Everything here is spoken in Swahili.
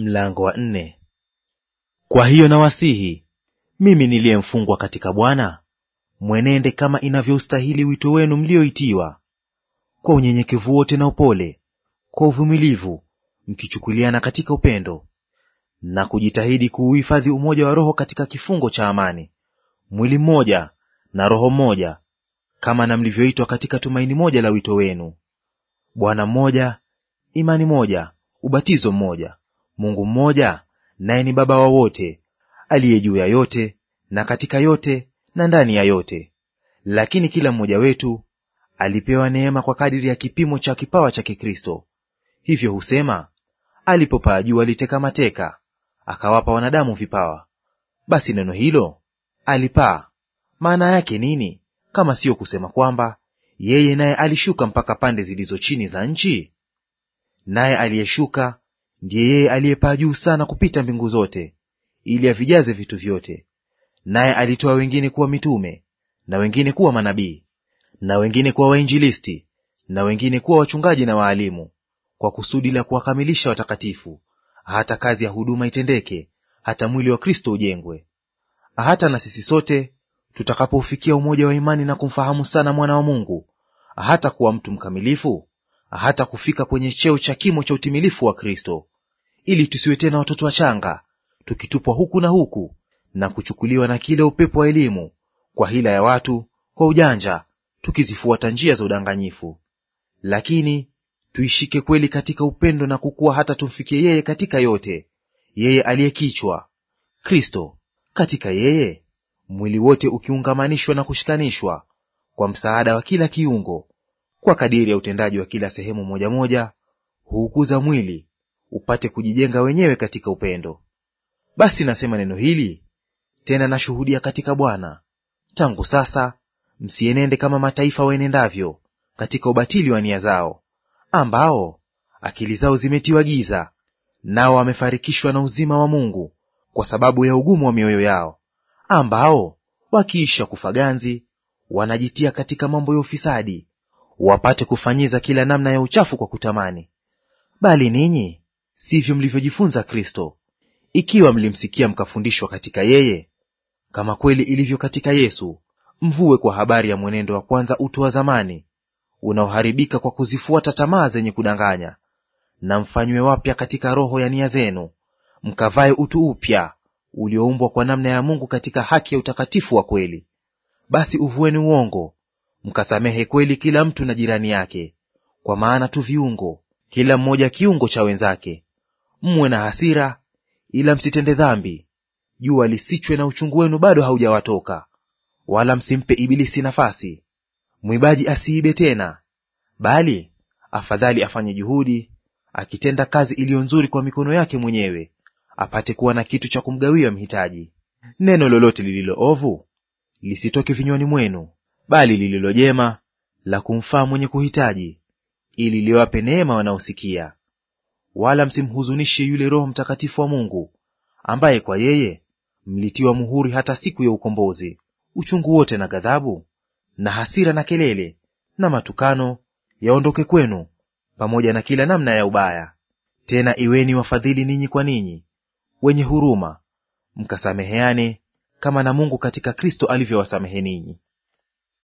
Mlango wa nne. Kwa hiyo nawasihi mimi niliyemfungwa katika Bwana, mwenende kama inavyoustahili wito wenu mlioitiwa, kwa unyenyekevu wote na upole, kwa uvumilivu, mkichukuliana katika upendo, na kujitahidi kuuhifadhi umoja wa Roho katika kifungo cha amani, mwili mmoja na roho moja, kama na mlivyoitwa katika tumaini moja la wito wenu; Bwana mmoja, imani moja, ubatizo mmoja Mungu mmoja, naye ni Baba wa wote, aliye juu ya yote na katika yote na ndani ya yote. Lakini kila mmoja wetu alipewa neema kwa kadiri ya kipimo cha kipawa cha kikristo Hivyo husema, alipopaa juu mateka, akawapa wanadamu vipawa. Basi neno hilo alipaa, maana yake nini, kama siyo kusema kwamba yeye naye alishuka mpaka pande zilizo chini za nchi? Naye aliyeshuka ndiye yeye aliyepaa juu sana kupita mbingu zote, ili avijaze vitu vyote. Naye alitoa wengine kuwa mitume, na wengine kuwa manabii, na wengine kuwa wainjilisti, na wengine kuwa wachungaji na waalimu, kwa kusudi la kuwakamilisha watakatifu, hata kazi ya huduma itendeke, hata mwili wa Kristo ujengwe, hata na sisi sote tutakapoufikia umoja wa imani na kumfahamu sana mwana wa Mungu, hata kuwa mtu mkamilifu hata kufika kwenye cheo cha kimo cha utimilifu wa Kristo, ili tusiwe tena watoto wachanga tukitupwa huku na huku na kuchukuliwa na kile upepo wa elimu, kwa hila ya watu, kwa ujanja, tukizifuata njia za udanganyifu. Lakini tuishike kweli katika upendo na kukua, hata tumfikie yeye katika yote, yeye aliye kichwa Kristo. Katika yeye mwili wote ukiungamanishwa na kushikanishwa kwa msaada wa kila kiungo kwa kadiri ya utendaji wa kila sehemu moja moja huukuza mwili upate kujijenga wenyewe katika upendo. Basi nasema neno hili tena, nashuhudia katika Bwana, tangu sasa msienende kama mataifa waenendavyo katika ubatili wa nia zao, ambao akili zao zimetiwa giza, nao wamefarikishwa na uzima wa Mungu kwa sababu ya ugumu wa mioyo yao, ambao wakiisha kufa ganzi wanajitia katika mambo ya ufisadi wapate kufanyiza kila namna ya uchafu kwa kutamani. Bali ninyi sivyo mlivyojifunza Kristo, ikiwa mlimsikia mkafundishwa katika yeye, kama kweli ilivyo katika Yesu, mvue kwa habari ya mwenendo wa kwanza utu wa zamani unaoharibika kwa kuzifuata tamaa zenye kudanganya, na mfanywe wapya katika roho ya nia zenu, mkavae utu upya ulioumbwa kwa namna ya Mungu katika haki ya utakatifu wa kweli. Basi uvueni uongo, Mkasamehe kweli kila mtu na jirani yake, kwa maana tu viungo, kila mmoja kiungo cha wenzake. Mwe na hasira, ila msitende dhambi. Jua lisichwe na uchungu wenu bado haujawatoka, wala msimpe Ibilisi nafasi. Mwibaji asiibe tena, bali afadhali afanye juhudi, akitenda kazi iliyo nzuri kwa mikono yake mwenyewe, apate kuwa na kitu cha kumgawia mhitaji. Neno lolote lililo ovu lisitoke vinywani mwenu, bali lililo jema la kumfaa mwenye kuhitaji, ili liwape neema wanaosikia. Wala msimhuzunishe yule Roho Mtakatifu wa Mungu, ambaye kwa yeye mlitiwa muhuri hata siku ya ukombozi. Uchungu wote na ghadhabu na hasira na kelele na matukano yaondoke kwenu, pamoja na kila namna ya ubaya. Tena iweni wafadhili ninyi kwa ninyi, wenye huruma, mkasameheane kama na Mungu katika Kristo alivyowasamehe ninyi.